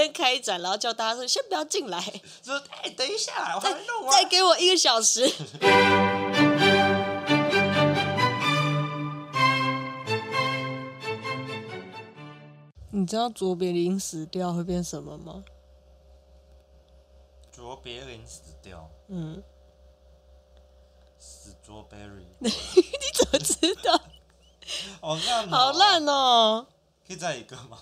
先開展，然後叫大家說：“先不要進來。”說：“哎、欸，等一下，我還啊、再再給我一個小時。 ”你知道卓別林死掉會變什麼嗎？卓別林死掉，嗯，死卓別林。 你怎麼知道？好爛、哦，好爛哦！可以再一個嗎？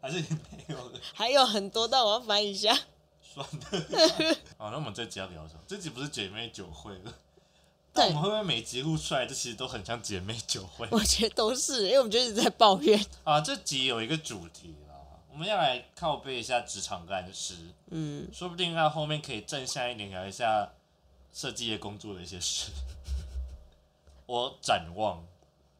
還是沒有還有很多，但我要翻一下。算了。哦， 那我們這集要聊什麼？這集不是姐妹酒會了。但我們會不會每集錄出來，這其實都很像姐妹酒會？我覺得都是，因為我們就一直在抱怨啊。這集有一個主題了，我們要來靠北一下職場爛事。嗯，說不定到、啊、後面可以正向一點聊一下設計業工作的一些事。 我展望，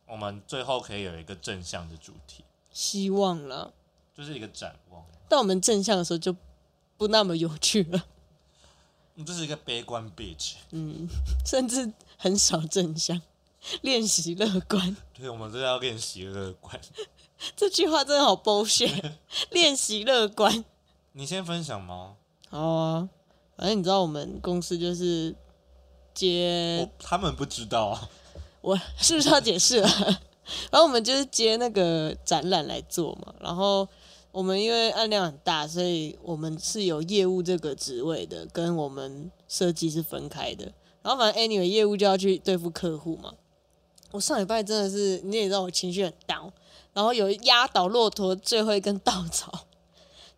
我們最後可以有一個正向的主題。希望了。就是一個展望。但我們正向的時候就不那麼有趣了。你這是一個悲觀 bitch。嗯，甚至很少正向練習樂觀。對，我們都要練習樂觀。 這句話真的好 bullshit 練習樂觀。你先分享嗎？好啊。反正你知道我們公司就是接，哦，他們不知道啊。我是不是要解釋了？ 然後我們就是接那個展覽來做嘛，然後。我們因為案量很大，所以我們是有業務這個職位的，跟我們設計是分開的。然後反正 anyway，欸，業務就要去對付客戶嘛。我上禮拜真的是你也知道，我情緒很 down。然後有壓倒駱駝最後一根稻草，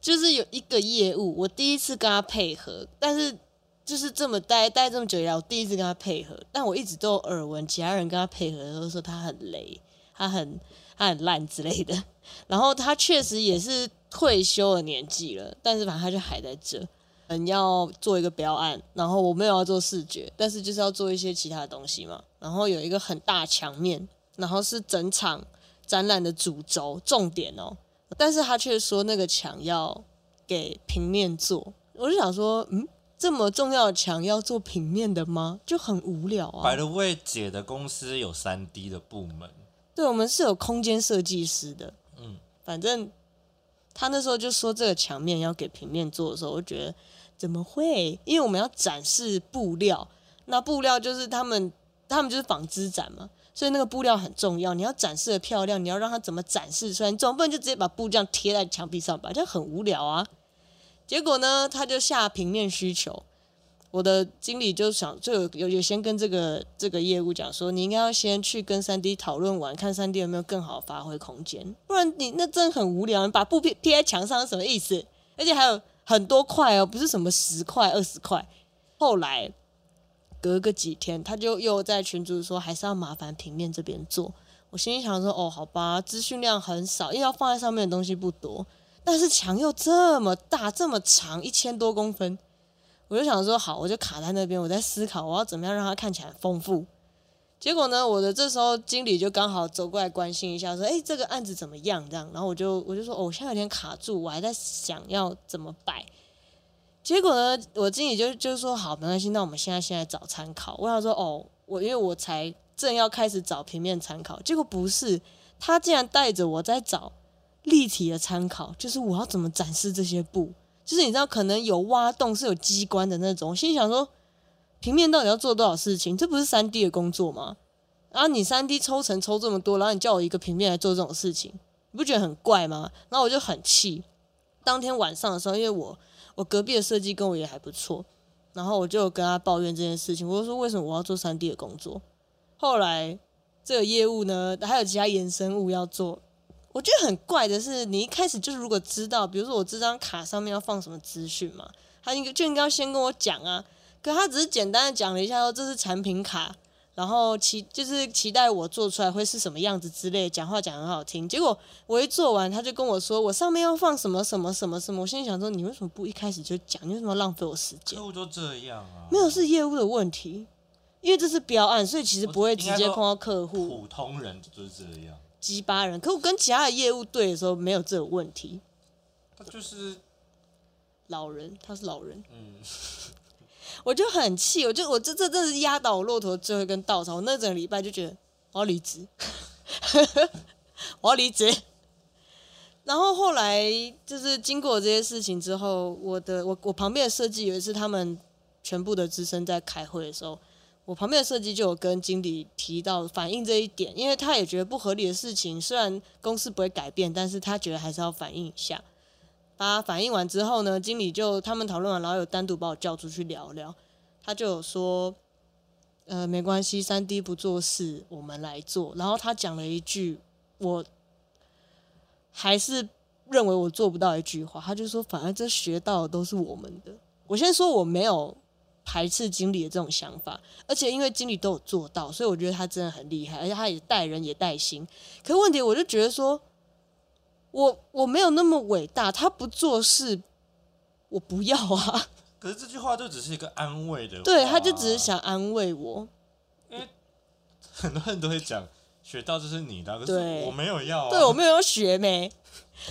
就是有一個業務，我第一次跟他配合，但是就是這麼待待這麼久以來，我第一次跟他配合，但我一直都有耳聞，其他人跟他配合的時候說他很雷，他很他很爛之類的。然後他確實也是退休的年紀了，但是反正他就還在這，嗯，要做一個標案。然後我沒有要做視覺，但是就是要做一些其他的東西嘛。然後有一個很大牆面，然後是整場展覽的主軸重點哦。但是他卻說那個牆要給平面做，我就想說，嗯，這麼重要的牆要做平面的嗎？就很無聊啊。by the way，慧姐的公司有三 D 的部門，對，我們是有空間設計師的。反正他那時候就說這個牆面要給平面做的時候，我就覺得怎麼會？因為我們要展示布料，那布料就是他們，他們就是紡織展嘛，所以那個布料很重要，你要展示的漂亮，你要讓它怎麼展示出來？你總不能就直接把布這樣貼在牆壁上吧？就很無聊啊！結果呢，他就下平面需求。我的經理就想，就有有，有先跟這個這個業務講說，你應該要先去跟 3D 討論完，看 3D 有沒有更好發揮空間，不然你那真的很無聊，你把布貼貼在牆上是什麼意思？而且還有很多塊哦，不是什麼十塊二十塊。後來隔個幾天，他就又在群組說，還是要麻煩平面這邊做。我心裡想說，哦，好吧，資訊量很少，因為要放在上面的東西不多，但是牆又這麼大這麼長，一千多公分。我就想說好，我就卡在那邊，我在思考我要怎麼樣讓它看起來豐富。結果呢，我的這時候經理就剛好走過來關心一下，說：“欸，這個案子怎麼樣？”這樣，然後我就我就說：“哦，我現在有點卡住，我還在想要怎麼擺。”結果呢，我經理就就說：“好，沒關係，那我們現在先來找參考。”我想說：“哦，我因為我才正要開始找平面參考，結果不是他竟然帶着我在找立體的參考，就是我要怎麼展示這些布。”就是你知道，可能有挖洞是有機關的那種。我心想說，平面到底要做多少事情？這不是三 D 的工作嗎？啊，你三 D 抽成抽這麼多，然後你叫我一個平面來做這種事情，你不覺得很怪嗎？然後我就很氣。當天晚上的時候，因為我我隔壁的設計跟我也還不錯，然後我就跟他抱怨這件事情。我就說：為什麼我要做三 D 的工作？後來這個業務呢，還有其他衍生物要做。我覺得很怪的是，你一開始就是如果知道，比如說我這張卡上面要放什麼資訊嘛，他應該就應該先跟我講啊。可他只是簡單的講了一下說，這是產品卡，然後期就是期待我做出來會是什麼樣子之類的，講話講很好聽。結果我一做完，他就跟我說我上面要放什麼什麼什麼什麼。我現在想說，你為什麼不一開始就講？你為什麼浪費我時間？客戶都這樣啊？沒有，是業務的問題。因為這是標案，所以其實不會直接碰到客戶。普通人就是這樣。雞巴人。可我跟其他的業務對的時候沒有這個問題。他就是老人，他是老人。嗯。 我就很氣，我就我這這真是壓倒我駱駝最後一根稻草。我那整個禮拜就覺得我要離職， 我要離職。 然後後來就是經過這些事情之後，我的我我旁邊的設計有一次他們全部的資深在開會的時候。我旁邊的設計就有跟經理提到反映這一點，因為他也覺得不合理的事情，雖然公司不會改變，但是他覺得還是要反映一下。把他反映完之後呢，經理就他們討論完，然後有單獨把我叫出去聊聊，他就有說，呃，沒關係，三 D 不做事，我們來做。然後他講了一句，我還是認為我做不到一句話，他就說，反正這學到的都是我們的。我先說我沒有。排斥經理的這種想法，而且因為經理都有做到，所以我覺得他真的很厲害，而且他也帶人也帶心。可是問題我就覺得說，我我沒有那麼偉大，他不做事，我不要啊。可是這句話就只是一個安慰的，對，他就只是想安慰我。因、欸、為很多人都會講學到就是你的，可是我沒有要、啊，對，對我沒有要學沒。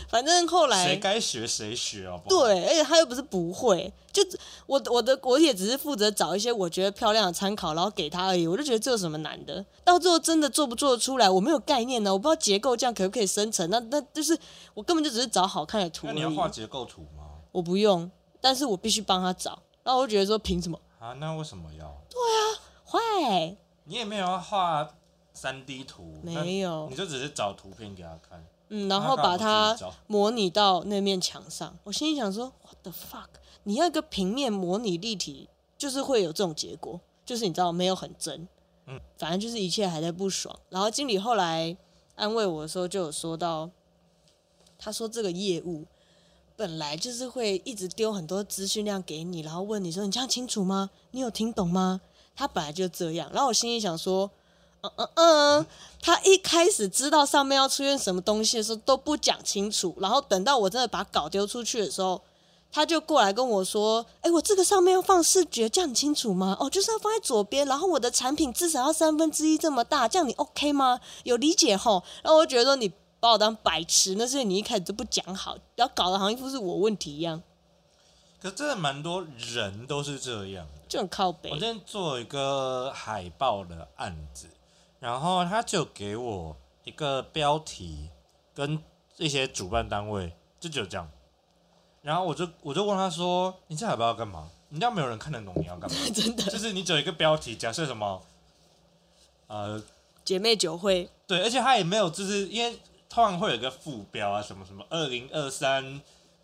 反正後來誰該學誰學哦。對，而且他又不是不會，就我我的我也只是負責找一些我覺得漂亮的參考，然後給他而已。我就覺得這有什麼難的？到最後真的做不做得出來，我沒有概念呢，我不知道結構這樣可不可以生成。那那就是我根本就只是找好看的圖。那你要畫結構圖嗎？我不用，但是我必須幫他找。然後我就覺得說，憑什麼？啊，那為什麼要？對啊，壞、欸，你也沒有要畫三 D 圖，沒有，你就只是找圖片給他看。嗯，然後把它模擬到那面牆上，我心裡想說，What the fuck？你要一個平面模擬立體，就是會有這種結果，就是你知道沒有很真，嗯，反正就是一切還在不爽。然後經理後來安慰我的時候，就有說到，他說這個業務本來就是會一直丟很多資訊量給你，然後問你說你這樣清楚嗎？你有聽懂嗎？他本來就這樣。然後我心裡想說。嗯嗯嗯，他一開始知道上面要出現什麼東西的時候都不講清楚，然後等到我真的把稿丟出去的時候，他就過來跟我說：“哎、欸，我這個上面要放視覺，這樣很清楚嗎？哦，就是要放在左邊，然後我的產品至少要三分之一這麼大，這樣你 OK 嗎？有理解吼？”然後我覺得說你把我當白痴，那些你一開始就不講好，要搞得好像一副是我問題一樣。可是真的蠻多人都是這樣，就很靠北。我今天做一個海報的案子。然後他就給我一個標題，跟這些主辦單位，就就這樣。然後我就我就問他說：“你這海報要，要幹嘛？你知道沒有人看得懂，你要幹嘛？” 真的，就是你只有一個標題，假設什麼，呃，姐妹酒會。對，而且他也沒有，就是因為通常會有一個副標啊，什麼什麼二零二三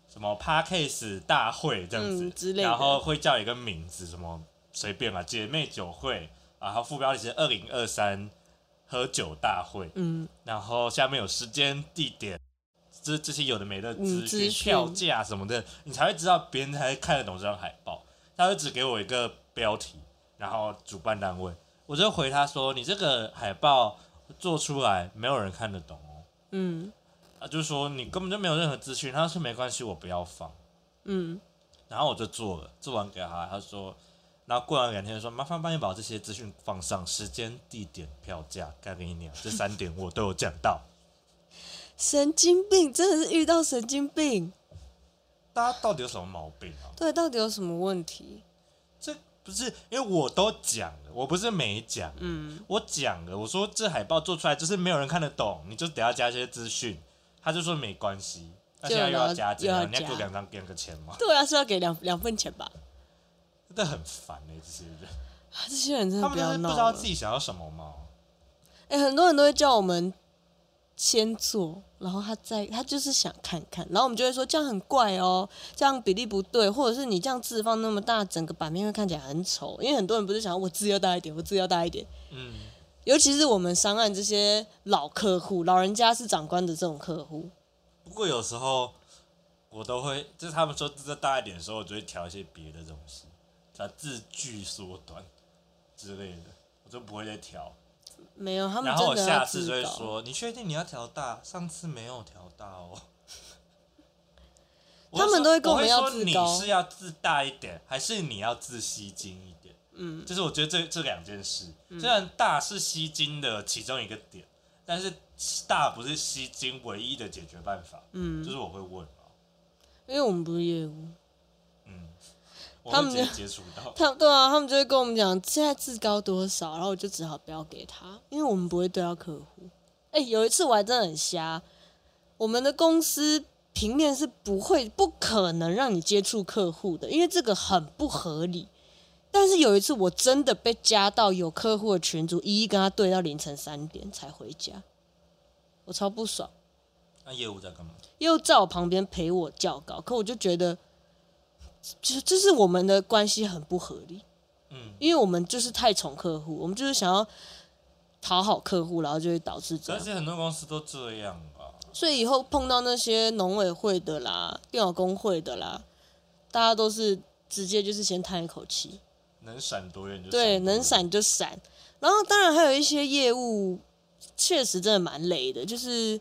什麼，麼 Podcast 大會這樣子、嗯、之類，然後會叫一個名字，什麼隨便啊姐妹酒會，然後副標是二零二三。喝酒大會，嗯，然後下面有時間、地點，這這些有的沒的資訊、票價什麼的，你才會知道別人才看得懂這張海報。他就只給我一個標題，然後主辦單位，我就回他說：“你這個海報做出來沒有人看得懂哦。”嗯，他就說：“你根本就沒有任何資訊。”他說：“沒關係，我不要放。”嗯，然後我就做了，做完給他，他說，然後過了兩天就說，麻煩幫你把這些資訊放上，時間、地點、票價、該跟你聊這三點，我都有講到。 神經病，真的是遇到神經病，大家到底有什麼毛病啊？對，到底有什麼問題？這不是因為我都講了，我不是沒講，嗯，我講了，我說這海報做出來就是沒有人看得懂，你就得要加一些資訊。他就說沒關係，現在又要加錢，要又要加，你要多兩張給個錢嗎？對啊，是要給兩兩份錢吧。真的很煩哎、欸，這些人，啊，這些人真的不要鬧了。不知道自己想要什麼嗎？哎、欸，很多人都會叫我們先做，然後他再，他就是想看看，然後我們就會說，這樣很怪哦、喔，這樣比例不對，或者是你這樣字放那麼大，整個版面會看起來很醜。因為很多人不是想我字要大一點，我字要大一點，嗯，尤其是我們商案這些老客戶，老人家是長官的這種客戶。不過有時候我都會，就是他們說字再大一點的時候，我就會調一些別的東西。字句縮短之類的，我就不會再調。沒有他們，然後我下次就會說：“你確定你要調大？上次沒有調大哦。”他們都會跟我，們我說：‘我說你是要字大一點，還是你要字吸睛一點？嗯，就是我覺得這這兩件事，雖然大是吸睛的其中一個點、嗯，但是大不是吸睛唯一的解決辦法。嗯、嗯就是我會問、哦、因為我們不是業務，嗯。我他們就他對啊，他們就會跟我們講，現在資高多少，然後我就只好不要給他，因為我們不會對到客戶。哎，有一次我還真的很瞎，我們的公司平面是不會、不可能讓你接觸客戶的，因為這個很不合理。但是有一次我真的被加到有客戶的群組，一一跟他對到凌晨三點才回家，我超不爽。那業務在幹嘛？又在我旁邊陪我校稿，可我就覺得。就是，這是我們的關係很不合理，嗯，因為我們就是太寵客戶，我們就是想要討好客戶，然後就會導致。但是很多公司都這樣吧。所以以後碰到那些農委會的啦、電腦工會的啦，大家都是直接就是先嘆一口氣，能閃多遠就閃多遠，對，能閃就閃。然後當然還有一些業務，確實真的蠻累的，就是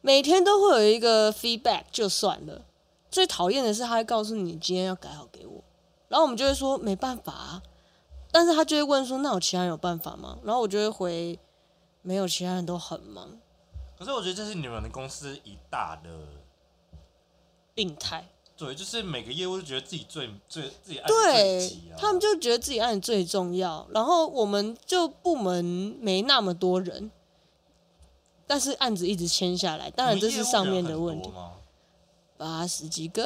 每天都會有一個 feedback，就算了。最討厭的是，他會告訴你今天要改好給我，然後我們就會說沒辦法、啊，但是他就會問說，那我其他人有辦法嗎？然後我就會回沒有，其他人都很忙。可是我覺得這是你們的公司一大的病態。對，就是每個業務都覺得自己最最自己案子最急、啊、對，他們就覺得自己案子最重要。然後我們就部門沒那麼多人，但是案子一直簽下來，當然這是上面的問題。八十幾個？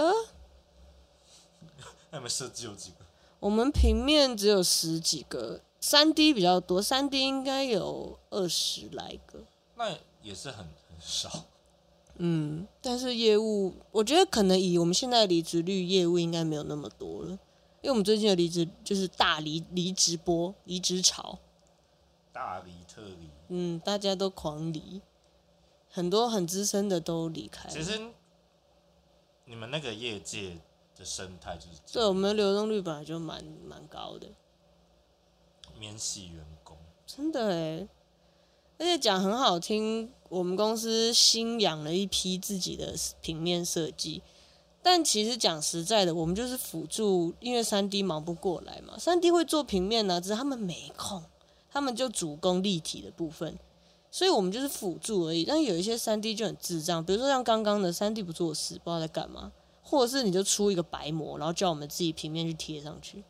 那有設計有幾個？我們平面只有十幾個，三 D 比較多，三 D 應該有二十來個。那也是很很少。嗯，但是業務，我覺得可能以我們現在的離職率，業務應該沒有那麼多了，因為我們最近的離職就是大離離職波、離職潮，大離特離。嗯，大家都狂離，很多很資深的都離開，資深。你們那個業界的生態就是這樣，對，我們的流動率本來就蠻蠻高的，免洗員工真的哎，而且講很好聽，我們公司新養了一批自己的平面設計，但其實講實在的，我們就是輔助，因為三 D 忙不過來嘛，三 D 會做平面呢，只是他們沒空，他們就主攻立體的部分。所以我們就是輔助而已，但有一些三 D 就很智障，比如說像剛剛的三 D 不做事，不知道在幹嘛，或者是你就出一個白模，然後叫我們自己平面去貼上去，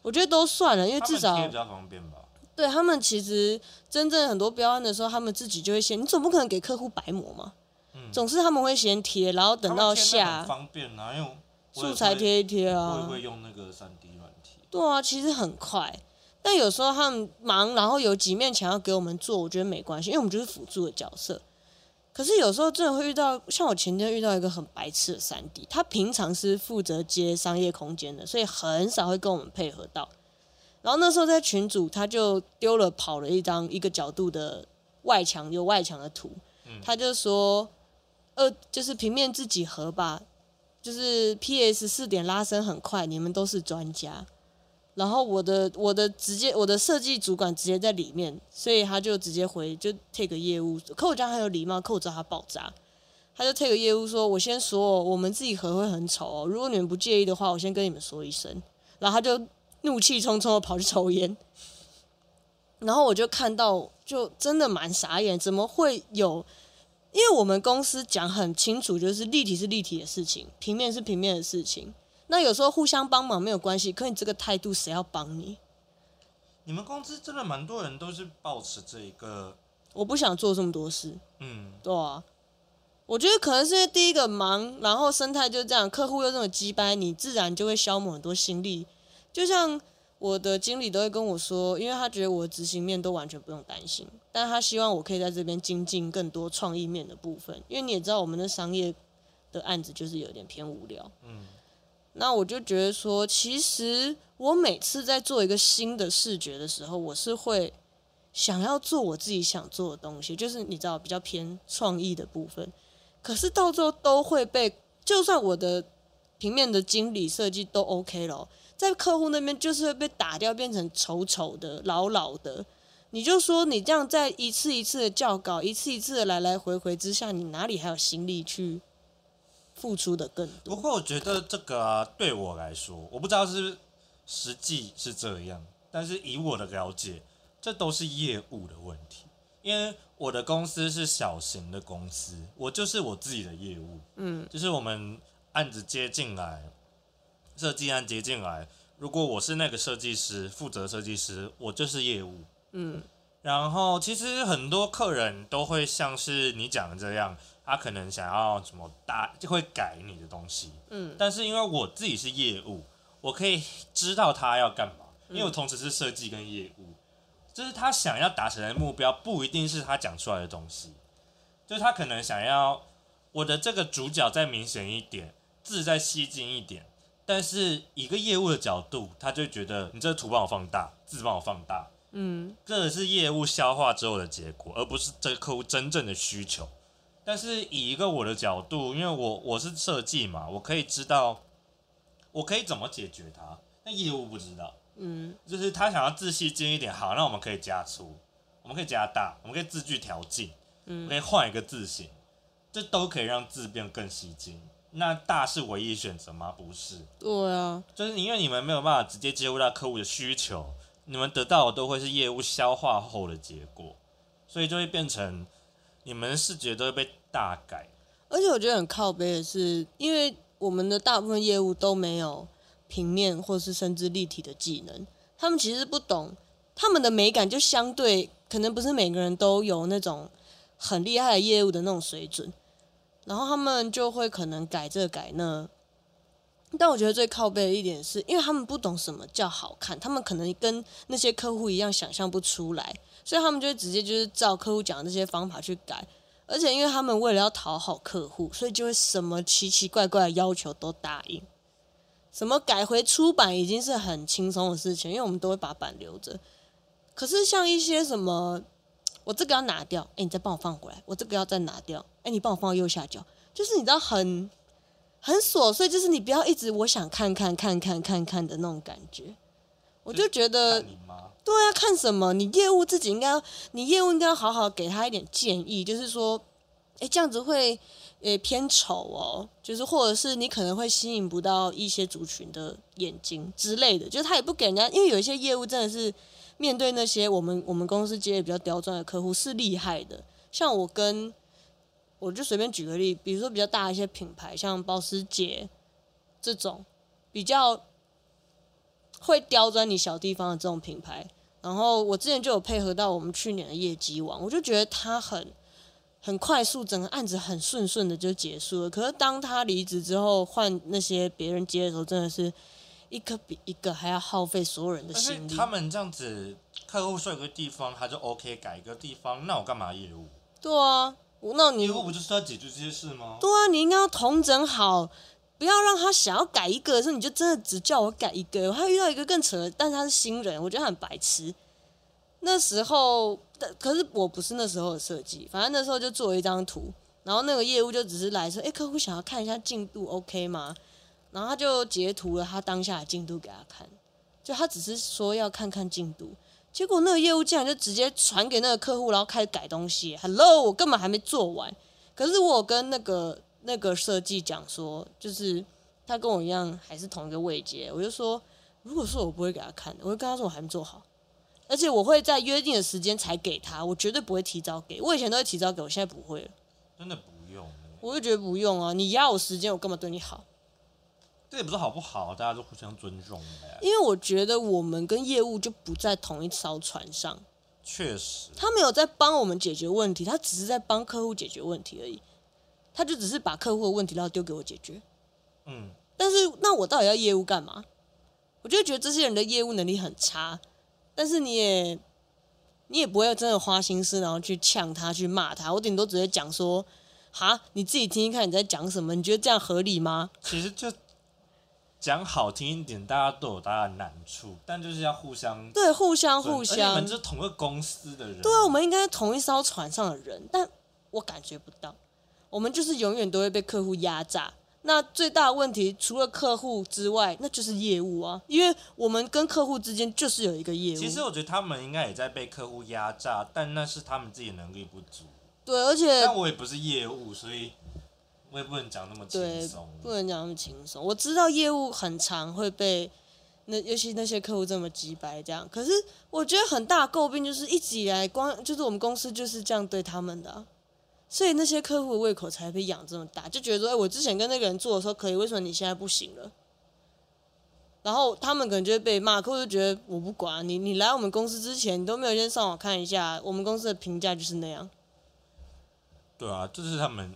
我覺得都算了，因為至少他們貼比較方便吧？對，他們其實真正很多標案的時候，他們自己就會先，你總不可能給客戶白模嘛、嗯？總是他們會先貼，然後等到下貼、啊、素材貼一貼啊，對啊，其實很快。但有時候他們忙，然後有幾面牆要給我們做，我覺得沒關係，因為我們就是輔助的角色。可是有時候真的會遇到，像我前天遇到一個很白痴的三 D，他平常是負責接商業空間的，所以很少會跟我們配合到。然後那時候在群組，他就丟了跑了一張一個角度的外牆，有外牆的圖，他就說：“呃，就是平面自己合吧，就是 PS 四點拉伸很快，你們都是專家。”然後我的我的直接我的設計主管直接在裡面，所以他就直接回，就 take 業務，可我講很有禮貌，可我講他爆炸，他就 take 業務說，我先說哦，我們自己合會很吵哦，如果你們不介意的話，我先跟你們說一聲。然後他就怒氣冲沖地跑去抽菸，然後我就看到就真的蠻傻眼，怎麼會有？因為我們公司講很清楚，就是立體是立體的事情，平面是平面的事情。那有時候互相幫忙沒有關係，可你這個態度，誰要幫你？你們公司真的蠻多人都是抱持這一個，我不想做這麼多事。嗯，對啊。我覺得可能是因為第一個忙，然後生態就這樣，客戶又這麼雞掰，你自然就會消磨很多心力。就像我的經理都會跟我說，因為他覺得我的執行面都完全不用擔心，但他希望我可以在這邊精進更多創意面的部分。因為你也知道，我們的商業的案子就是有點偏無聊。嗯。那我就覺得說，其實我每次在做一個新的視覺的時候，我是會想要做我自己想做的東西，就是你知道比較偏創意的部分。可是到最後都會被，就算我的平面的經理設計都 OK 咯，在客戶那邊就是會被打掉，變成醜醜的、老老的。你就說你這樣在一次一次的校稿、一次一次的來來回回之下，你哪裡還有心力去？付出的更多。不過我覺得這個啊，對我來說，我不知道是實際是這樣，但是以我的了解，這都是業務的問題。因為我的公司是小型的公司，我就是我自己的業務。嗯，就是我們案子接進來，設計案接進來，如果我是那個設計師，負責設計師，我就是業務。嗯，然後其實很多客人都會像是你講的這樣。他可能想要什麼打就會改你的東西，嗯，但是因為我自己是業務，我可以知道他要幹嘛，嗯，因為我同時是設計跟業務，就是他想要達成的目標不一定是他講出來的東西，就是他可能想要我的這個主角再明顯一點，字再吸睛一點，但是以一個業務的角度，他就覺得你這圖幫我放大，字幫我放大，嗯，這個是業務消化之後的結果，而不是這個客戶真正的需求。但是以一個我的角度，因為我我是設計嘛，我可以知道我可以怎麼解決它。那業務不知道，嗯，就是他想要字吸睛一點，好，那我們可以加粗，我們可以加大，我們可以字距調近，嗯，我可以換一個字形，這都可以讓字變更吸睛。那大是唯一選擇嗎？不是，對啊，就是因為你們沒有辦法直接接觸到客戶的需求，你們得到的都會是業務消化後的結果，所以就會變成。你們視覺都會被大改，而且我覺得很靠北的是，因為我們的大部分業務都沒有平面或是甚至立體的技能，他們其實不懂，他們的美感就相對可能不是每個人都有那種很厲害的業務的那種水準，然後他們就會可能改這改那，但我覺得最靠北的一點是因為他們不懂什麼叫好看，他們可能跟那些客戶一樣想象不出來。所以他們就會直接就是照客戶講的這些方法去改，而且因為他們為了要討好客戶，所以就會什麼奇奇怪怪的要求都答應。什麼改回初版已經是很輕鬆的事情，因為我們都會把版留着。可是像一些什麼，我這個要拿掉，哎，你再幫我放過來；我這個要再拿掉，哎，你幫我放到右下角。就是你知道，很很瑣碎，就是你不要一直我想看看看看看看的那種感覺。我就覺得就。對啊，看什麼？你業務自己應該，你業務應該要好好給他一點建議，就是說，哎，這樣子會，誒偏醜哦，就是或者是你可能會吸引不到一些族群的眼睛之類的，就是他也不給人家，因為有一些業務真的是面對那些我們我們公司接的比較刁鑽的客戶是厲害的，像我跟，我就隨便舉個例，比如說比較大一些品牌，像保時捷這種比較。會刁鑽你小地方的這種品牌，然後我之前就有配合到我們去年的業績王，我就覺得他很很快速，整個案子很順順的就結束了。可是當他離職之後，換那些別人接的時候，真的是一個比一個還要耗費所有人的心力。他們這樣子，客戶說有一個地方他就 OK，改一個地方，那我幹嘛業務？對啊，那你業務不就是要解決這些事嗎？對啊，你應該要統整好。不要讓他想要改一個是你就真的只叫我改一個。我還遇到一個更扯的，但是他是新人，我覺得很白痴。那時候的可是我不是那時候的設計，反正那時候就做了一張圖，然後那個業務就只是來說，哎，客戶想要看一下進度，OK 嗎？然後他就截圖了他當下的進度給他看，就他只是說要看看進度，結果那個業務竟然就直接傳給那個客戶，然後開始改東西。Hello，我根本還沒做完，可是我跟那個。那個設計講說，就是他跟我一樣還是同一個位階。我就說，如果說我不會給他看的，我就跟他說我還沒做好，而且我會在約定的時間才給他，我絕對不會提早給，我以前都會提早給，我現在不會了。真的不用、欸？我就覺得不用啊！你壓我時間，我幹嘛對你好？這也不是好不好，大家都互相尊重唄。因為我覺得我們跟業務就不在同一艘船上。確實，他沒有在幫我們解決問題，他只是在幫客戶解決問題而已。他就只是把客戶的問題然後丟給我解決，嗯，但是那我到底要業務幹嘛？我就覺得這些人的業務能力很差，但是你也你也不會真的花心思，然後去嗆他，去罵他。我頂多只會講說：哈，你自己聽聽看你在講什麼，你覺得這樣合理嗎？其實就講好聽一點，大家都有大家的難處，但就是要互相對互相互相，我們是同一個公司的人，對啊，我們應該是同一艘船上的人，但我感覺不到。我們就是永遠都會被客戶壓榨。那最大的問題除了客戶之外，那就是業務啊，因為我們跟客戶之間就是有一個業務。其實我覺得他們應該也在被客戶壓榨，但那是他們自己能力不足。對，而且。但我也不是業務，所以我也不能講那麼輕鬆。不能講那麼輕鬆。我知道業務很常會被那，尤其那些客戶這麼機掰這樣。可是我覺得很大詬病就是一直以來光，光就是我們公司就是這樣對他們的啊。所以那些客戶的胃口才會被養這麼大，就覺得說，哎、欸，我之前跟那個人做的時候可以，為什麼你現在不行了？然後他們可能就會被罵，客戶就覺得我不管你，你來我們公司之前你都沒有先上網看一下我們公司的評價，就是那樣。對啊，這、就是他們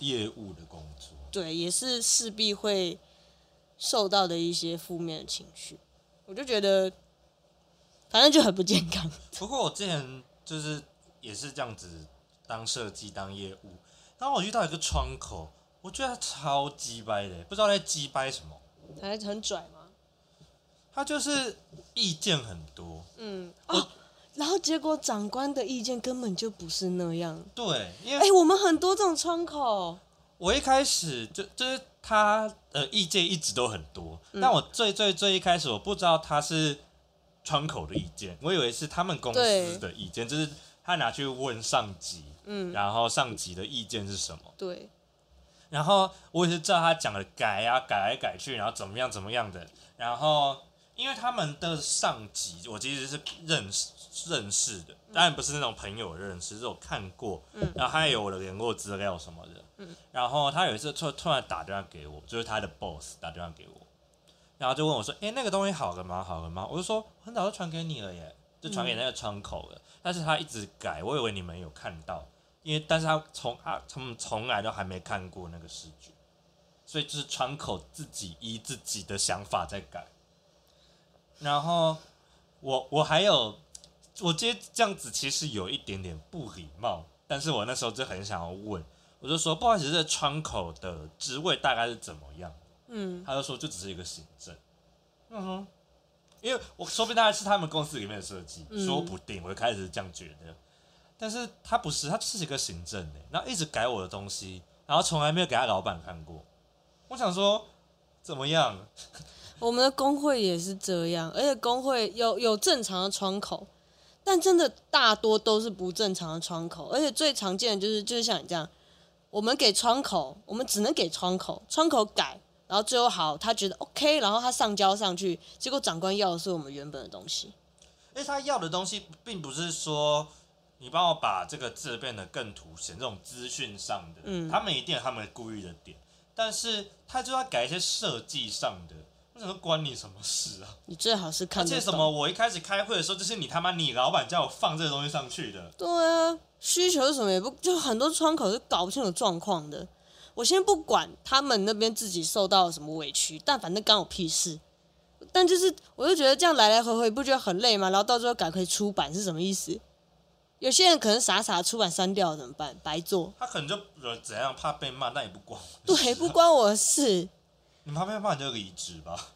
業務的工作。對，也是勢必會受到的一些負面的情緒。我就覺得，反正就很不健康。不過我之前就是也是這樣子。當設計，當業務，然後我遇到一個窗口，我覺得他超雞掰的，不知道在雞掰什麼，還很拽嗎？他就是意見很多，嗯，哦，然後結果長官的意見根本就不是那樣，對，因為哎、欸，我們很多這種窗口，我一開始就就是他的意見一直都很多，嗯，但我最最最一開始我不知道他是窗口的意見，我以為是他們公司的意見，就是。他拿去問上級，嗯，然後上級的意見是什麼？對，然後我也是知道他講了改啊，改來改去，然後怎麼樣怎麼樣的。然後因為他們的上級，我其實是認識認識的，當然不是那種朋友的認識、嗯，是我看過，嗯，然後他還有我的聯絡資料什麼的，嗯，然後他有一次突突然打電話給我，就是他的 boss 打電話給我，然後就問我說：“誒、欸，那個東西好了嗎？好了嗎？”我就說：“很早就傳給你了耶，就傳給那個窗口了。”嗯但是他一直改，我以為你們有看到，因為但是他從啊，他們從來都還沒看過那個視覺，所以就是窗口自己依自己的想法在改。然後我我還有，我覺得這樣子其實有一點點不禮貌，但是我那時候就很想要問，我就說不好意思，這窗口的職位大概是怎麼樣？嗯，他就說這只是一個行政。嗯哼。因為我說不定他是他們公司裡面的設計，嗯、說不定我就開始這樣覺得。但是他不是，他是一個行政誒、欸，然後一直改我的東西，然後從來沒有給他老板看過。我想說，怎麼樣？我們的工會也是這樣，而且工會有有正常的窗口，但真的大多都是不正常的窗口，而且最常見的就是就是像你這樣，我們給窗口，我們只能給窗口，窗口改。然後最後好，他覺得 OK，然後他上交上去，結果長官要的是我們原本的東西。哎，他要的東西並不是說你幫我把這個字變得更突顯，這種資訊上的，嗯，他們一定有他們的故意的點。但是他就要改一些設計上的，我想說關你什麼事啊？你最好是看。而且什麼，我一開始開會的時候就是你他媽你老板叫我放這個東西上去的。對啊，需求是什麼也不就很多窗口是搞不清楚狀況的。我先不管他們那邊自己受到了什麼委屈，但反正干我屁事。但就是，我就覺得這樣來來回回，不覺得很累嗎？然後到最後趕快出版是什麼意思？有些人可能傻傻出版刪掉怎麼辦？白做。他可能就怎樣，怕被罵，那也不關，對，不關我的事。你怕被罵你就離職吧。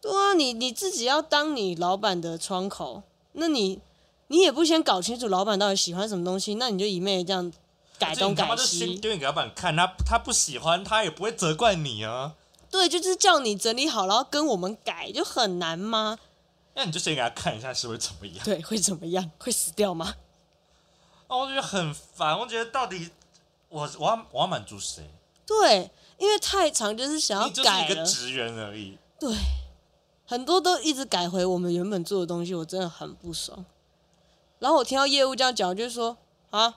對啊，你你自己要當你老板的窗口，那你你也不先搞清楚老板到底喜歡什麼東西，那你就一味這樣改東改西，你他的丟你給老闆看，他他不喜歡，他也不會責怪你啊。對，就是叫你整理好，然後跟我們改，就很難嗎？那、啊、你就先給他看一下，是會怎麼樣？對，會怎麼樣？會死掉嗎？啊，我覺得很煩。我覺得到底我，我我要我要滿足誰？對，因為太長，就是想要改，就是一個職員而已。對，很多都一直改回我們原本做的東西，我真的很不爽。然後我聽到業務這樣講，我就說啊。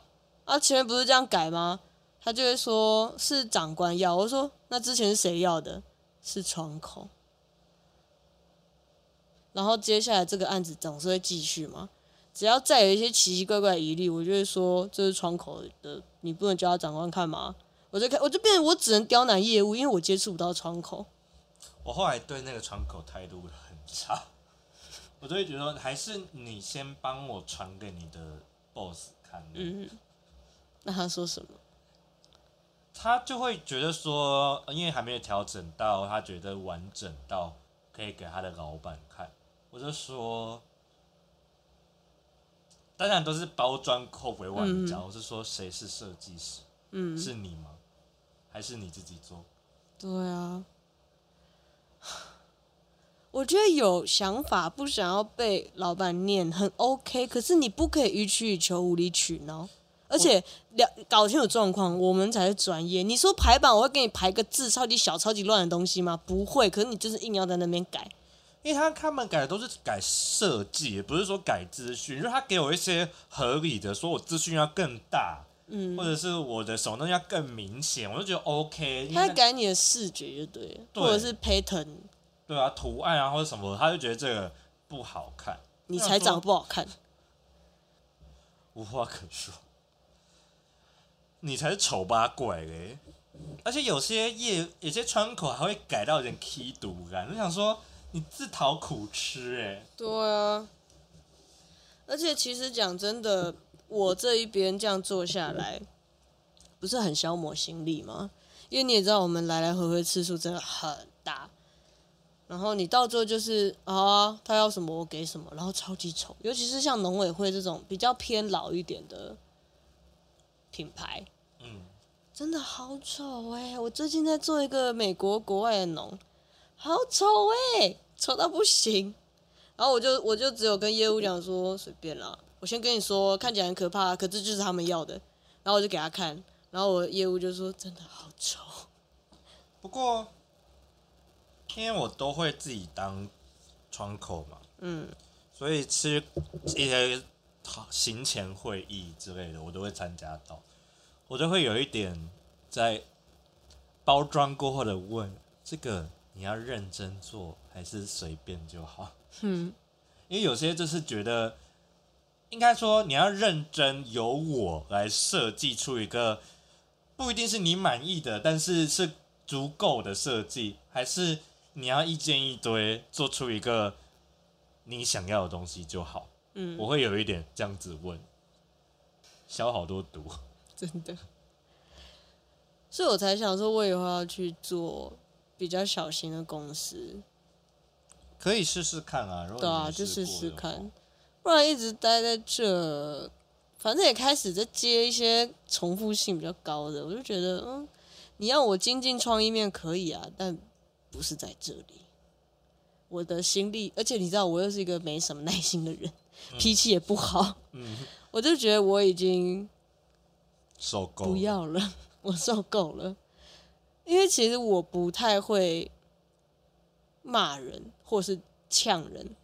啊，前面不是這樣改嗎？他就會說是長官要，我說，那之前是誰要的？是窗口。然後接下來這個案子總是會繼續嘛，只要再有一些奇奇怪怪的疑慮，我就會說這是窗口的，你不能叫他長官看嗎？我就看，我就變成，我只能刁難業務，因為我接觸不到窗口。我後來對那個窗口態度很差， 我都會覺得，還是你先幫我傳給你的 boss 看。嗯。那他說什麼？他就會覺得說，因為還沒有調整到，他覺得完整到可以給他的老板看。我就說，當然都是包裝後尾玩家。我是說，誰是設計師？嗯，是你嗎？還是你自己做？對啊，我覺得有想法不想要被老板念很 OK，可是你不可以予取予求，無理取鬧。而且了，搞清楚狀況，我們才是專業。你說排版，我會給你排個字超級小、超級亂的東西嗎？不會。可是你就是硬要在那邊改，因為他他們改的都是改設計，也不是說改資訊。就他給我一些合理的，說我資訊要更大，嗯，或者是我的手動要更明顯，我就覺得 OK。他改你的視覺就對了，對，或者是 pattern 對啊，圖案啊或者什麼，他就覺得這個不好看，你才長得不好看，無話可說。你才是醜八怪嘞，欸！而且有些業、有些窗口，還會改到有點起毒感，我想說你自討苦吃哎，欸。對啊，而且其實講真的，我這一邊這樣做下來，不是很消磨心力嗎？因為你也知道，我們來來回回次數真的很大，然後你到最後就是啊，他要什麼我給什麼，然後超級醜，尤其是像農委會這種比較偏老一點的。品牌，嗯，真的好醜哎！我最近在做一個美國國外的農，好醜哎，醜到不行。然後我就我就只有跟業務講說，隨便啦，我先跟你說，看起來很可怕，可這就是他們要的。然後我就給他看，然後我業務就說，真的好醜。不過，因為我都會自己當窗口嘛，嗯，所以吃一些行前會議之類的，我都會參加到。我就會有一點在包裝過後的問：這個你要認真做還是隨便就好？嗯。因為有些就是覺得應該說你要認真，由我來設計出一個不一定是你滿意的，但是是足夠的設計，還是你要意見一堆，做出一個你想要的東西就好。嗯。我會有一點這樣子問，消好多毒。真的，所以我才想說，我以後要去做比較小型的公司，可以試試看啊。如果對啊，就試試看，不然一直待在這，反正也開始在接一些重複性比較高的。我就覺得，嗯，你要我精進創意面可以啊，但不是在這裡，我的心力，而且你知道，我又是一個沒什麼耐心的人，嗯、脾氣也不好。嗯，我就覺得我已經。受夠了，不要了，我受夠了。因為其實我不太會罵人或是嗆人，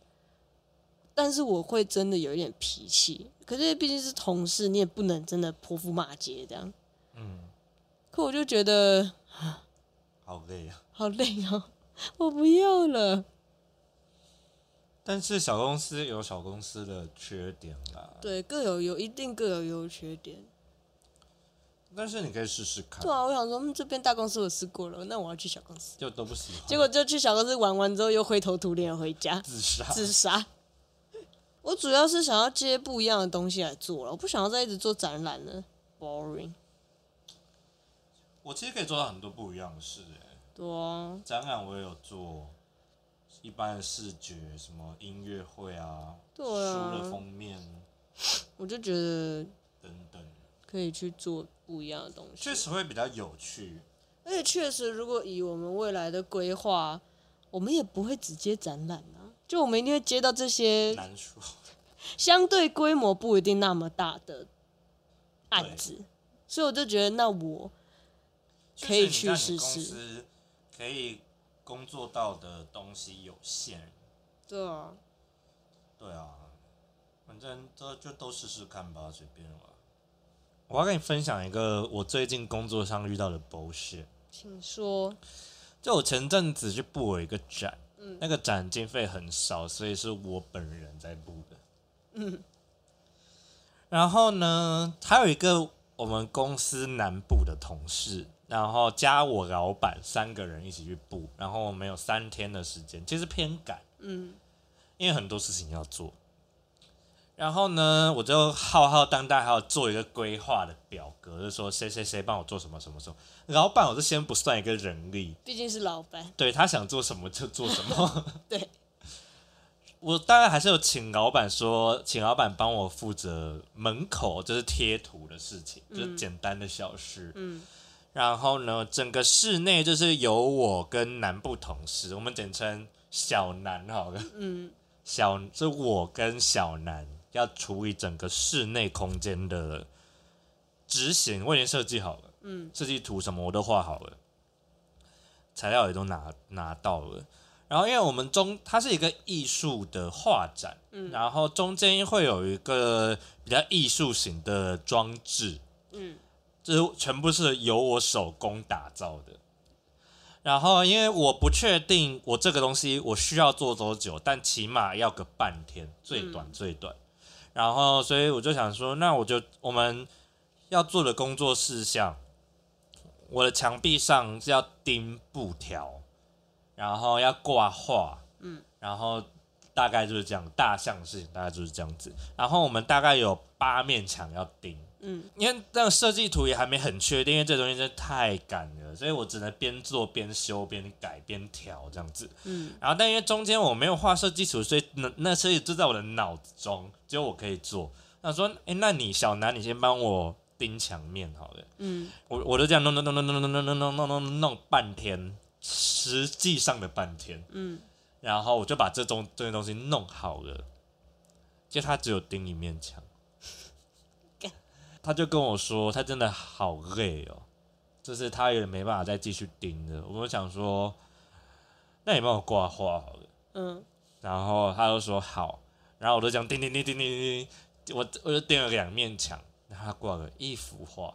但是我會真的有一點脾氣。可是畢竟是同事，你也不能真的潑婦罵街這樣。嗯。可我就覺得，好累啊！好累哦！我不要了。但是小公司有小公司的缺點吧？對，各有有一定各有優缺點。但是你可以試試看。對啊，我想說，這邊大公司我試過了，那我要去小公司。就都不行。結果就去小公司玩完之後，又灰頭土臉要回家。自殺，自殺。我主要是想要接不一樣的東西來做了，我不想要再一直做展覽了，boring。我其實可以做到很多不一樣的事，哎，對啊。展覽我也有做，一般的視覺，什麼音樂會啊，對啊，書的封面，我就覺得可以去做。不一樣的東西確實會比較有趣，而且確實，如果以我們未來的規劃，我們也不會直接展覽啊。就我們一定會接到這些難說， 相對規模不一定那麼大的案子，所以我就覺得，那我可以去試試。可以工作到的東西有限，對啊，對啊，反正都就都試試看吧，隨便玩。我要跟你分享一個我最近工作上遇到的 bullshit，請說。就我前陣子去布了一個展，嗯，那個展經費很少，所以是我本人在布的，嗯。然後呢，還有一個我們公司南部的同事，然後加我老板三個人一起去布，然後我們有三天的時間，其實偏趕，嗯，因為很多事情要做。然後呢，我就浩浩蕩蕩，還要做一個規劃的表格，就是說誰誰誰幫我做什麼什麼時候。老闆，我就先不算一個人力，畢竟是老闆。對，他想做什麼就做什麼。 對，我當然還是有請老闆說，請老闆幫我負責門口，就是貼圖的事情，嗯，就是簡單的小事。嗯。然後呢，整個室內就是由我跟南部同事，我們簡稱小南，好了，嗯，小是我跟小南。要處理整個室內空間的執行，我已經設計好了，嗯，設計圖什麼我都畫好了，材料也都拿拿到了。然後，因為我們中它是一個藝術的畫展，嗯，然後中間會有一個比較藝術型的裝置，嗯，就是全部是由我手工打造的。然後，因為我不確定我這個東西我需要做多久，但起碼要個半天，最短最短。嗯然後，所以我就想說，那我就我們要做的工作事項，我的牆壁上是要釘布條，然後要掛畫，嗯，然後大概就是這樣，大項的事情大概就是這樣子。然後我們大概有八面牆要釘。嗯，因為那個設計圖也還沒很確定，因為這東西真的太趕了，所以我只能邊做邊修邊改邊調這樣子。嗯，然後，但因為中間我沒有畫設計圖，所以那那設計就在我的腦中，只有我可以做。那說，哎、欸，那你小南，你先幫我釘牆面好了。嗯，我我就這樣弄弄弄弄弄弄弄弄弄弄弄弄半天，實際上的半天。嗯，然後我就把這東這些東西弄好了，就他只有釘一面牆。他就跟我說，他真的好累哦，就是他有點沒辦法再繼續盯着我想說，那你幫我掛畫好了，嗯，然後他就說好，然後我就講叮叮叮叮叮叮，我我就釘了兩面牆，然後他掛了一幅畫，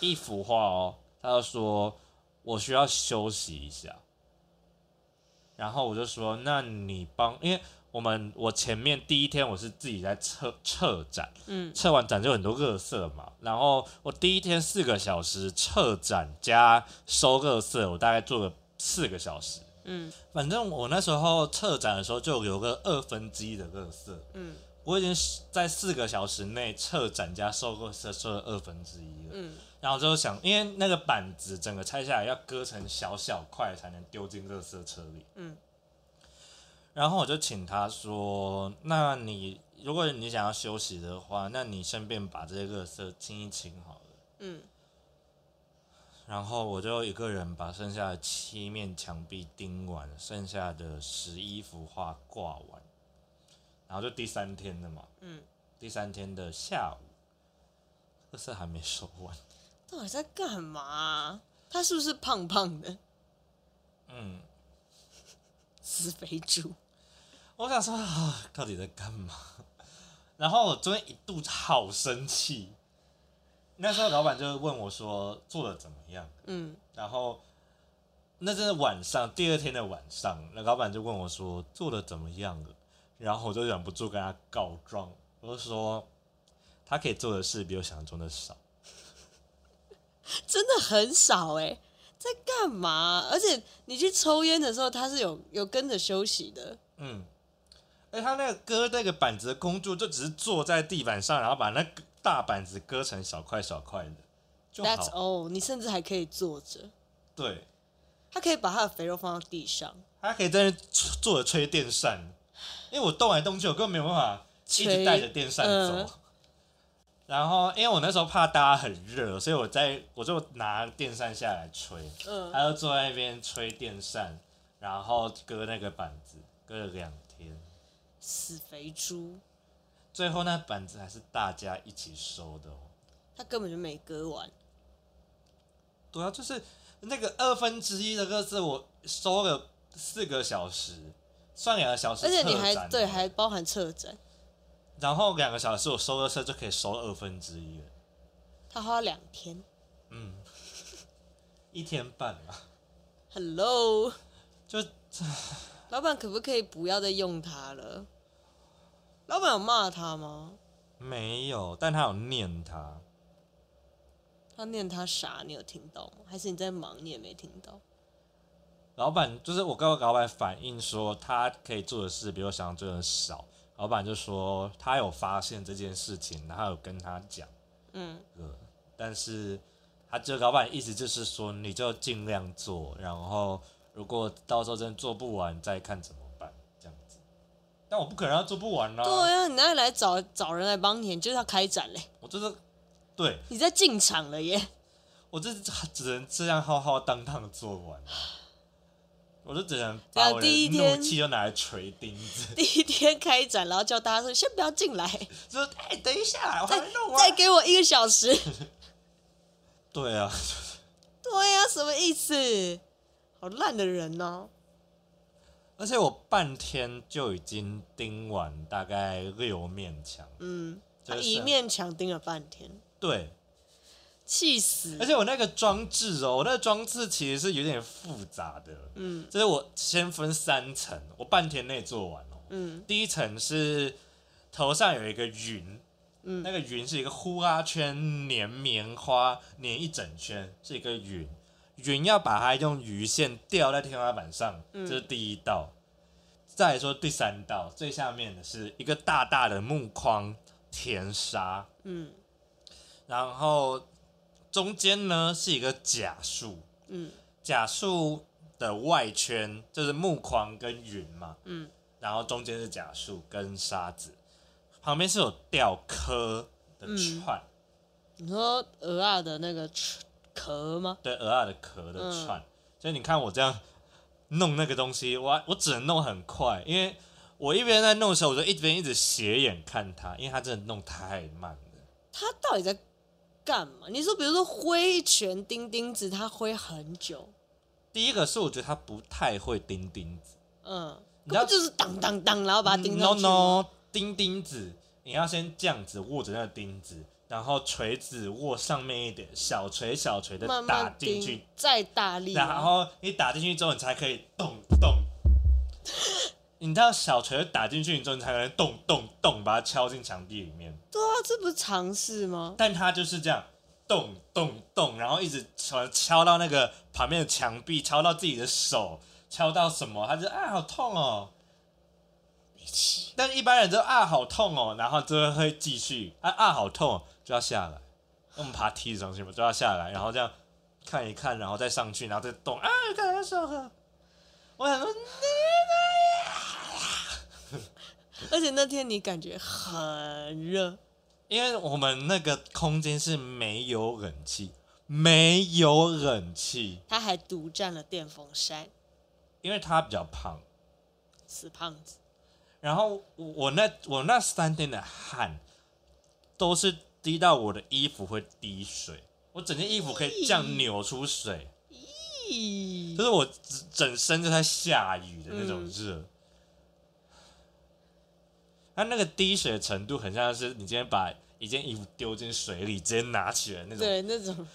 一幅畫哦，他就說，我需要休息一下，然後我就說，那你幫，因為。我們我前面第一天我是自己在撤撤展，嗯，撤完展就很多垃圾嘛，然後我第一天四個小時撤展加收垃圾，我大概做了四個小時，嗯，反正我那時候撤展的時候就有個二分之一的垃圾，嗯，我已經在四個小時內撤展加收垃圾收了二分之一了，嗯，然後就想，因為那個板子整個拆下來要割成小小塊才能丟進垃圾車裡，嗯。然後我就請他說：“那你如果你想要休息的話，那你順便把這些垃圾清一清好了。”嗯。然後我就一個人把剩下的七面牆壁釘完，剩下的十一幅畫掛完。然後就第三天的嘛。嗯。第三天的下午，垃圾還沒收完。到底在幹嘛？他是不是胖胖的？嗯。 死肥豬。我想說啊，到底在幹嘛？然後我中間一肚子好生氣。那時候老闆就問我說：“做的怎麼樣？”嗯，然後那天晚上，第二天的晚上，那老闆就問我說：“做的怎麼樣了？”然後我就忍不住跟他告狀，我就說：“他可以做的事比我想象中的少，真的很少誒，在幹嘛？而且你去抽菸的時候，他是有有跟着休息的。”嗯。欸、他那個割那個板子的工作就只是坐在地板上，然後把那個大板子割成小塊小塊的就好。哦，你甚至還可以坐着。對，他可以把他的肥肉放到地上，他可以在那坐着吹電扇。因為我動來動去，我根本沒有辦法一直帶着電扇走、呃。然後，因為我那時候怕大家很熱，所以我在我就拿電扇下來吹。嗯、呃，他就坐在那邊吹電扇，然後割那個板子，割了兩個。死肥豬！最後那板子還是大家一起收的哦。他根本就沒割完。對啊，就是那個二分之一的個字，我收了四個小時，算兩個小時，而且你還對，還包含策展。然後兩個小時我收了車就可以收二分之一了。他花兩天。嗯， 一天半 Hello 就， 老闆可不可以不要再用他了？老闆有罵他嗎？沒有，但他有念他。他念他啥？你有聽到嗎？還是你在忙，你也沒聽到？老闆就是我，跟我老闆反映說，他可以做的事比我想像中的少。老闆就說他有發現這件事情，然後有跟他講，嗯，呃，但是他這個老闆意思就是說，你就盡量做，然後如果到時候真做不完，再看怎麼。那我不可能、啊，要做不完啦、啊啊。對，你哪來找找人來幫你，就是要開展嘞。我真的對你在進場了耶！我這只能這樣浩浩蕩蕩做完了。我就只能把我的怒氣都拿來捶釘子。第一天，第一天開展，然後叫大家說：“先不要進來。就”說：“哎，等一下，還弄完再再給我一個小時。 ”對啊，對啊，什麼意思？好爛的人哦。而且我半天就已經釘完大概六面牆，嗯，就是、一面牆釘了半天，對，氣死！而且我那個裝置哦，我那個裝置其實是有點複雜的，嗯，就是我先分三層，我半天內做完哦，嗯，第一層是頭上有一個雲，嗯，那個雲是一個呼啦圈粘棉花粘一整圈，是一個雲。雲要把它用魚線吊在天花板上，嗯，這是第一道。再說第三道，最下面的是一個大大的木框填沙，嗯，然後中間呢是一個假樹，嗯，假樹的外圈就是木框跟雲嘛，嗯，然後中間是假樹跟沙子，旁邊是有吊蚵的串。嗯，你說蚵仔的那個。殼嗎？對，蚵仔的殼的串、嗯，所以你看我這樣弄那個東西，我我只能弄很快，因為我一邊在弄的時候，我就一邊一直斜眼看他，因為他真的弄太慢了。他到底在幹嘛？你說，比如說揮拳釘釘子，他揮很久。第一個是我覺得他不太會釘釘子，嗯，然後就是當當當，然後把它釘上去，嗯 no, no, 叮叮叮釘釘子，你要先這樣子握着那個釘子。然後錘子握上面一點，小錘小錘的打進去，再大力。然後你打進去之後，你才可以咚咚。 你知道小錘打進去之後，你才能咚咚咚把它敲進牆壁裡面。對啊，這不是常識嗎？但他就是這樣咚咚咚，然後一直敲，敲到那個旁邊的牆壁，敲到自己的手，敲到什麼，他就啊、哎、好痛哦。沒事。但一般人都啊好痛哦，然後就會會繼續啊啊好痛。就要下來，我們爬梯子上去嘛。就要下來，然後這樣看一看，然後再上去，然後再動啊！幹啥啥？我想說，而且那天你感覺很熱，因為我們那個空間是沒有冷氣，沒有冷氣。他還獨佔了電風扇，因為他比較胖，死胖子。然後我那我那三天的汗都是。滴到我的衣服會滴水，我整件衣服可以這樣扭出水， 就是我整身就在下雨的那種熱。嗯。它那個滴水的程度，很像是你今天把一件衣服丟進水裡，直接拿起來的那種。對，那種。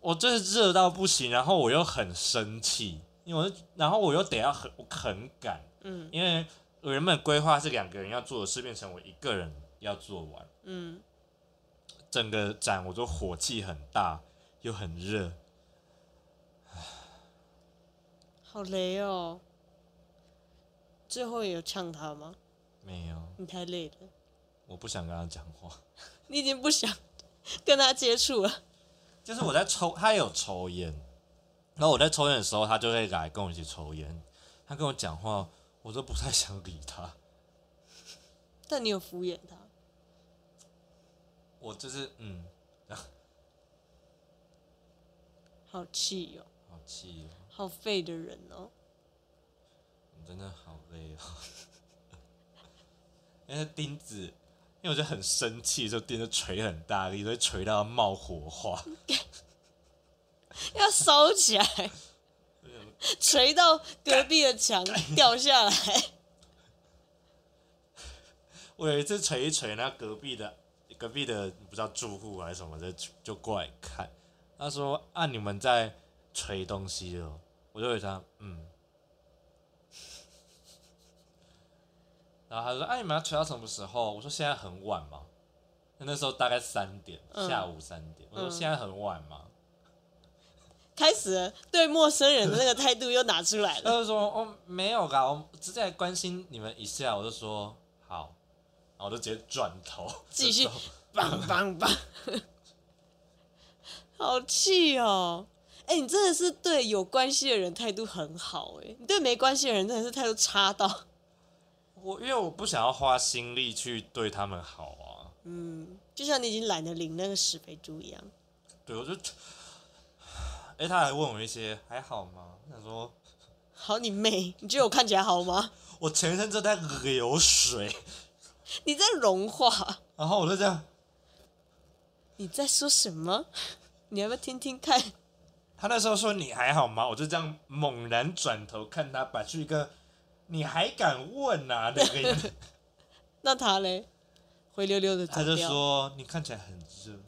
我就是熱到不行，然後我又很生氣，因為我，然後我又得要很很趕，嗯，因為我原本規劃是兩個人要做的事，變成我一個人要做完，嗯。整個展我都火氣很大，又很熱，好累哦。最後也有嗆他嗎？沒有。你太累了。我不想跟他講話。你已經不想跟他接觸了。就是我在抽，他有抽菸。然後我在抽菸的時候，他就會來跟我一起抽菸。他跟我講話，我都不太想理他。但你有敷衍他。我就是嗯，好氣喲、哦，好氣喲、哦，好廢的人哦，真的好累哦。 因為釘子，因為我覺得很生氣，就釘就錘很大力，所以錘到冒火花， 要燒起來，錘 到隔壁的牆 掉下來。 我有一次錘一錘，那隔壁的。隔壁的不知道住戶還是什麼的，就過來看。他說：“啊，你們在錘東西哦。”我就回答：“嗯。”然後他說：“哎、啊，你們要錘到什麼時候？”我說：“現在很晚嗎？”那，那時候大概三點，嗯、下午三點。我說：“現在很晚嗎？”開始對陌生人的那個態度又拿出來了。 他就說：“哦，沒有啦，我只在關心你們一下。”我就說。我就直接轉頭，繼續棒，棒棒棒， 好氣哦！哎、欸，你真的是對有關係的人態度很好，哎，你對沒關係的人真的是態度差到……我因為我不想要花心力去對他們好啊。嗯，就像你已經懶得領那個死肥豬一樣。對，我就……哎，他還問我一些還好嗎？他說：“好你妹，你覺得我看起來好嗎？” 我全身都在流水。你在融化，然、哦、後我就這樣。你在說什麼？你要不要聽聽看？他那時候說你還好嗎？我就這樣猛然轉頭看他，擺出一個你還敢問啊那個 那他咧？灰溜溜的。他就說你看起來很熱。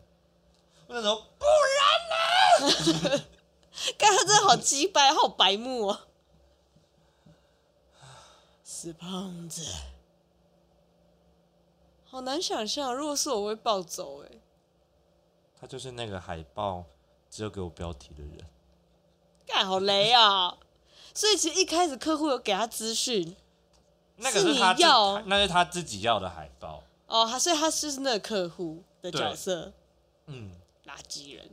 我那時候不然呢、啊？ 看他真的好雞掰，好白目、哦。死胖子。好、哦、難想象，如果是我會暴走哎。他就是那個海報只有給我標題的人。幹，好雷啊！ 所以其實一開始客戶有給他資訊，那個是他是你要，那個、是他自己要的海報哦。所以他就是那個客戶的角色，嗯，垃圾人。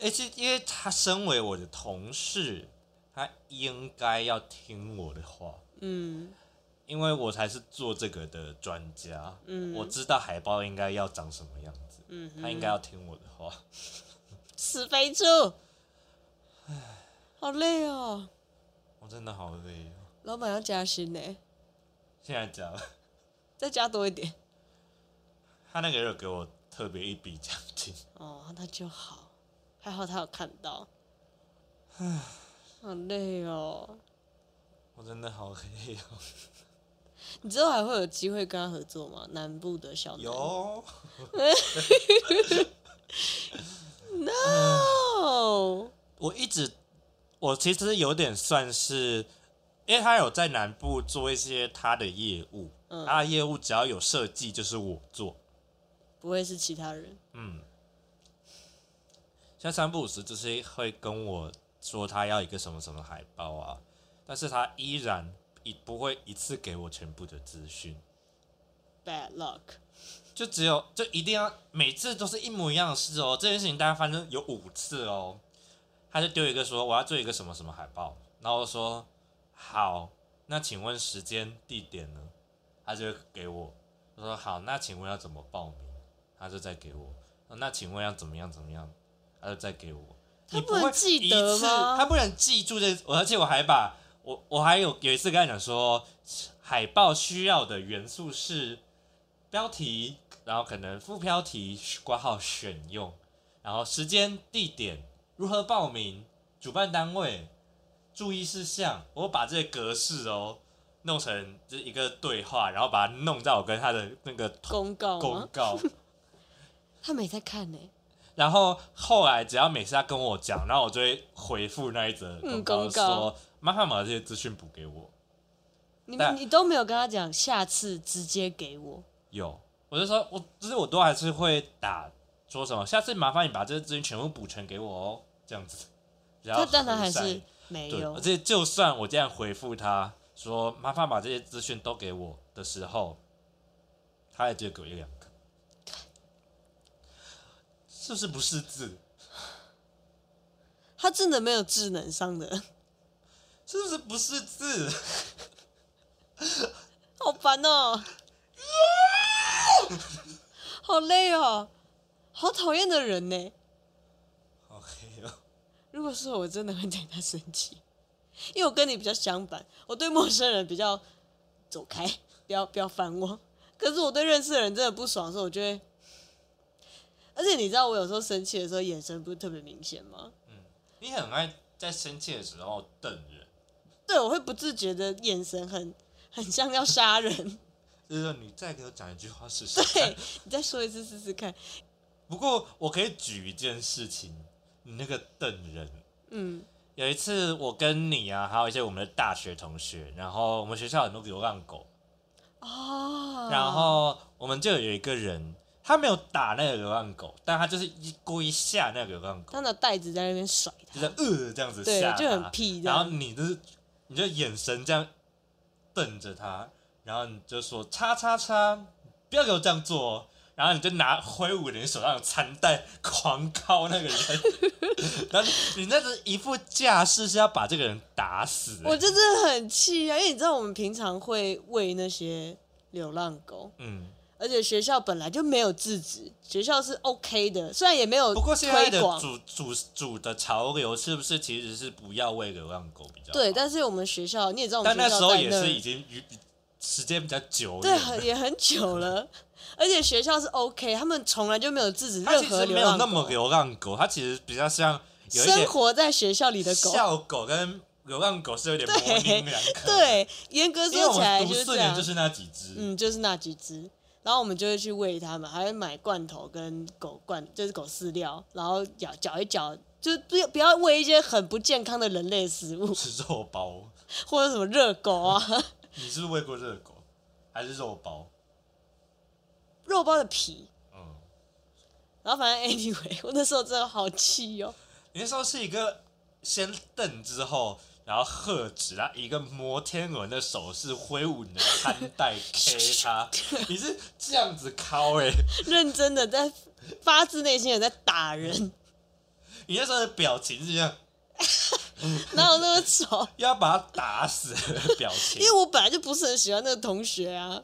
而且因為他身為我的同事，他應該要聽我的話，嗯。因為我才是做這個的專家，嗯，我知道海報應該要長什麼樣子，嗯，他應該要聽我的話。死肥豬，唉，好累哦。我真的好累哦。老闆要加薪呢。現在加了。再加多一點。他那個有給我特別一筆獎金。哦，那就好。還好他有看到。唉，好累哦。我真的好累哦。你之後還會有機會跟他合作嗎？南部的小南有 ，no，、嗯、我一直我其實有點算是，因為他有在南部做一些他的業務，他、嗯、的、啊、業務只要有設計就是我做，不會是其他人。嗯，像三不五時就是會跟我說他要一個什麼什麼海報啊，但是他依然。一不會一次給我全部的資訊，bad luck，就只有就一定要每次都是一模一樣的事哦。這件事情大家反正有五次哦，他就丟一個說我要做一個什麼什麼海報，然後說好，那請問時間地點呢？他就給我，我，他說好，那請問要怎麼報名？他就再給我，那請問要怎麼樣怎麼樣？他就再給我，他不能記得他不能記住這，而且我還把。我我還有有一次跟他講說，海報需要的元素是標題，然後可能副標題、括號選用，然後時間、地點、如何報名、主辦單位、注意事項。我把這些格式哦弄成這一個對話，然後把它弄到我跟他的那個公告公告。 他沒在看耶。然後後來只要每次他跟我講，然後我就會回復那一則公告說。嗯麻煩把這些資訊補給我。你你,你都沒有跟他講，下次直接給我。有，我就說，我就是我都還是會打說什麼，下次麻煩你把這些資訊全部補全給我哦，這樣子。但他但，但還是沒有。而且就算我這樣回覆他說，麻煩把這些資訊都給我的時候，他也只有給我一兩個，是不是不識字？他真的沒有智能上的。是不是不識字？ 好煩哦！好累哦、喔！好討厭的人呢！好黑哦！如果是我，真的會對他生氣，因為我跟你比較相反，我對陌生人比較走開，不要不要煩我。可是我對認識的人真的不爽的時候，我就會……而且你知道我有時候生氣的時候，眼神不是特別明顯嗎？嗯，你很愛在生氣的時候瞪人。對，我會不自覺的眼神很很像要殺人。 就是說，你再給我講一句話試試。對，你再說一次試試看。不過我可以舉一件事情，你那個瞪人，嗯，有一次我跟你啊，還有一些我們的大學同學，然後我們學校很多流浪狗。哦。然後我們就有一個人，他沒有打那個流浪狗，但他就是一故一下那個流浪狗。他的袋子在那邊甩他。就是呃這樣子嚇。對，就很屁。然後你就是。你就眼神這樣瞪着他，然後你就說“叉叉叉”，不要給我這樣做。然後你就拿揮舞的你手上的餐袋狂敲那個人， 然後你那個一副架勢是要把這個人打死欸。我真的很氣啊，因為你知道我們平常會餵那些流浪狗，嗯。而且學校本來就沒有制止，學校是 OK 的，雖然也沒有推廣，不過現在的主主主的潮流是不是其實是不要餵流浪狗比較好？對，但是我們學校你也知道，我們那。但那時候也是已經時間比較久了，對，也很久了。而且學校是 OK，他們從來就沒有制止任何流浪狗，它其實沒有那麼流浪狗，它其實比較像生活在學校裡的狗，校狗跟流浪狗是有點不一樣，對，嚴格說起來，就是那幾隻，嗯，就是那幾隻。然後我們就會去餵它們，還要買罐頭跟狗罐，就是狗飼料，然後攪一攪，就不要不要餵一些很不健康的人類食物，吃肉包或者什麼熱狗啊。 你是不是餵過熱狗還是肉包？肉包的皮，嗯。然後反正 anyway，我那時候真的好氣喲、哦。你那時候是一個先瞪之後。然後喝止，然後一個摩天輪的手勢揮舞你的餐袋 K 他， 你是這樣子敲誒、欸，認真的在發自內心的在打人，你那時候的表情是這樣， 哪有那麼醜 要把他打死，表情， 因為我本來就不是很喜歡那個同學啊，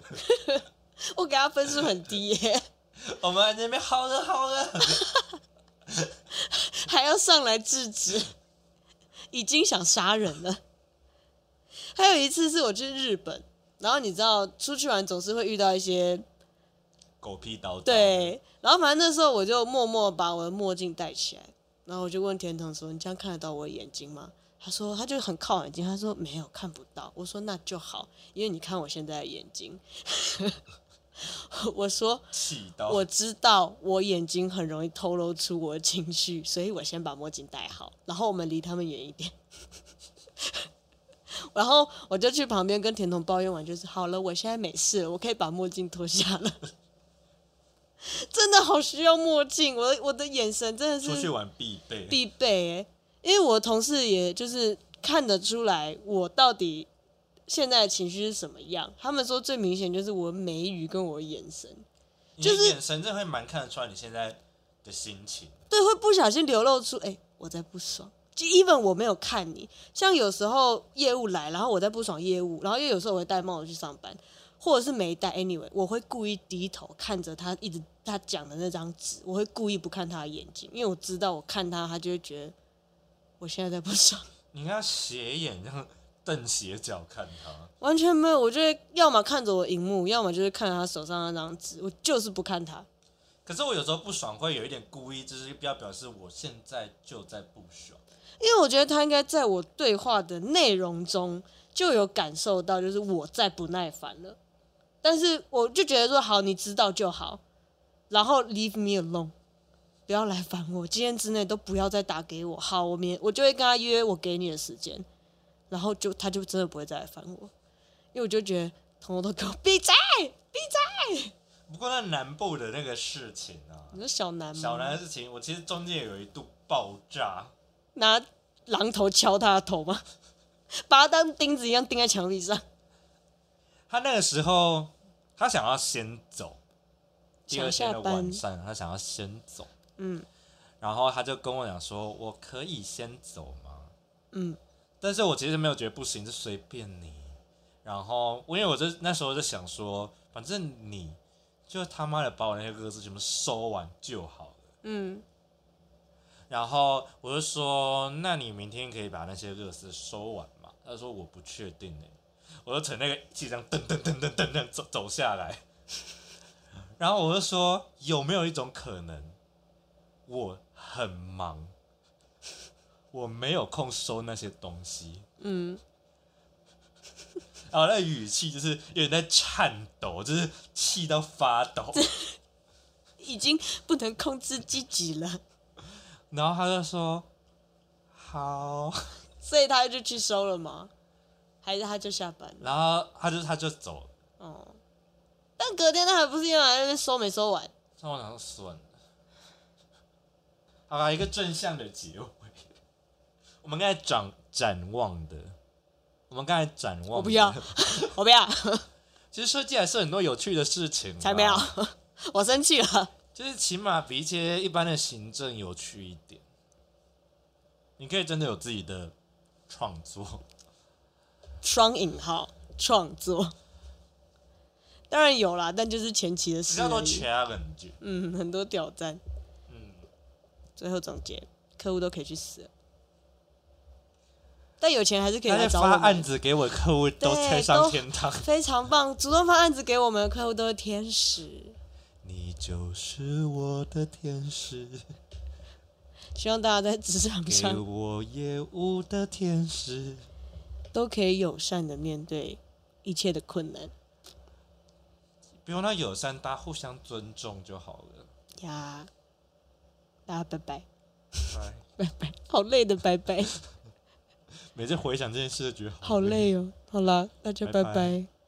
我給他分數很低耶、欸，我們在那邊耗著耗著， 還要上來制止。已經想殺人了。還有一次是我去日本，然後你知道出去玩總是會遇到一些狗屁倒灶，對，然後反正那時候我就默默把我的墨鏡戴起來，然後我就問田堂說：“你這樣看得到我的眼睛嗎？”他說：“他就很靠眼睛。”他說：“沒有看不到。”我說：“那就好，因為你看我現在的眼睛。 ”我說，我知道我眼睛很容易透露出我的情緒，所以我先把墨鏡戴好，然後我們離他們遠一點。然後我就去旁邊跟田童抱怨完，就是好了，我現在沒事了，我可以把墨鏡脫下了。真的好需要墨鏡，我我的眼神真的是必備必備，因為我同事也就是看得出來我到底，現在的情緒是什麼樣？他們說最明顯就是我眉宇跟我眼神，就是眼神真的會蠻看得出來你現在的心情。就是、對，會不小心流露出，哎、欸，我在不爽。就 even 我沒有看你，像有時候業務來，然後我在不爽業務，然後又有時候我會戴帽子去上班，或者是沒戴。anyway，我會故意低頭看着他，一直他講的那張紙，我會故意不看他的眼睛，因為我知道我看他，他就會覺得我現在在不爽。你看斜眼這樣。那個瞪斜角看他，完全沒有。我覺得要麼看着我熒幕，要麼就是看他手上那張紙。我就是不看他。可是我有時候不爽，會有一點故意，就是不要表示我現在就在不爽。因為我覺得他應該在我對話的內容中就有感受到，就是我在不耐煩了。但是我就覺得說，好，你知道就好。然後 leave me alone，不要來煩我。今天之內都不要再打給我。好，我明我就會跟他約我給你的時間。然後就他就真的不會再來煩我，因為我就覺得統統都給我閉嘴閉嘴。不過那南部的那個事情啊，你說小南嗎？小南的事情，我其實中間有一度爆炸，拿榔頭敲他的頭嗎？把他當釘子一樣釘在牆壁上。他那個時候他想要先走，第二天的晚上他想要先走，嗯，然後他就跟我講說：“我可以先走嗎？”嗯。但是我其實沒有覺得不行，就隨便你。然後，因為我就那時候就想說，反正你就他媽的把我那些歌詞全部收完就好了。嗯。然後我就說，那你明天可以把那些歌詞收完嘛？他說我不確定呢，我就從那個機上噔噔噔噔噔噔走走下來。 然後我就說，有沒有一種可能，我很忙？我沒有空收那些東西。嗯。然後那語氣就是有點在顫抖，就是氣到發抖，已經不能控制自己了。 然後他就說：“好。”所以他就去收了嗎？還是他就下班？然後他就他就走了。哦。但隔天他還不是因為他那邊收沒收完？算了。好，一個正向的結我們剛才展展望的，我們剛才展望，我不要，我不要。 其實設計還是很多有趣的事情。才沒有，我生氣了。就是起碼比一些一般的行政有趣一點。你可以真的有自己的創作。雙引號創作，當然有啦，但就是前期的事比較多 challenge，嗯，很多挑戰，嗯。最後總結，客戶都可以去死。但有錢還是可以來找我。發案子給我的客戶都踩上天堂，非常棒！主動發案子給我們的客戶都是天使。你就是我的天使，希望大家在職場上給我業務的天使，都可以友善的面對一切的困難。不用那友善，大家互相尊重就好了。呀，大家拜拜， 拜拜，好累的拜拜。 每次回想這件事就覺得好累，好累哦。 好了，那就拜拜，拜。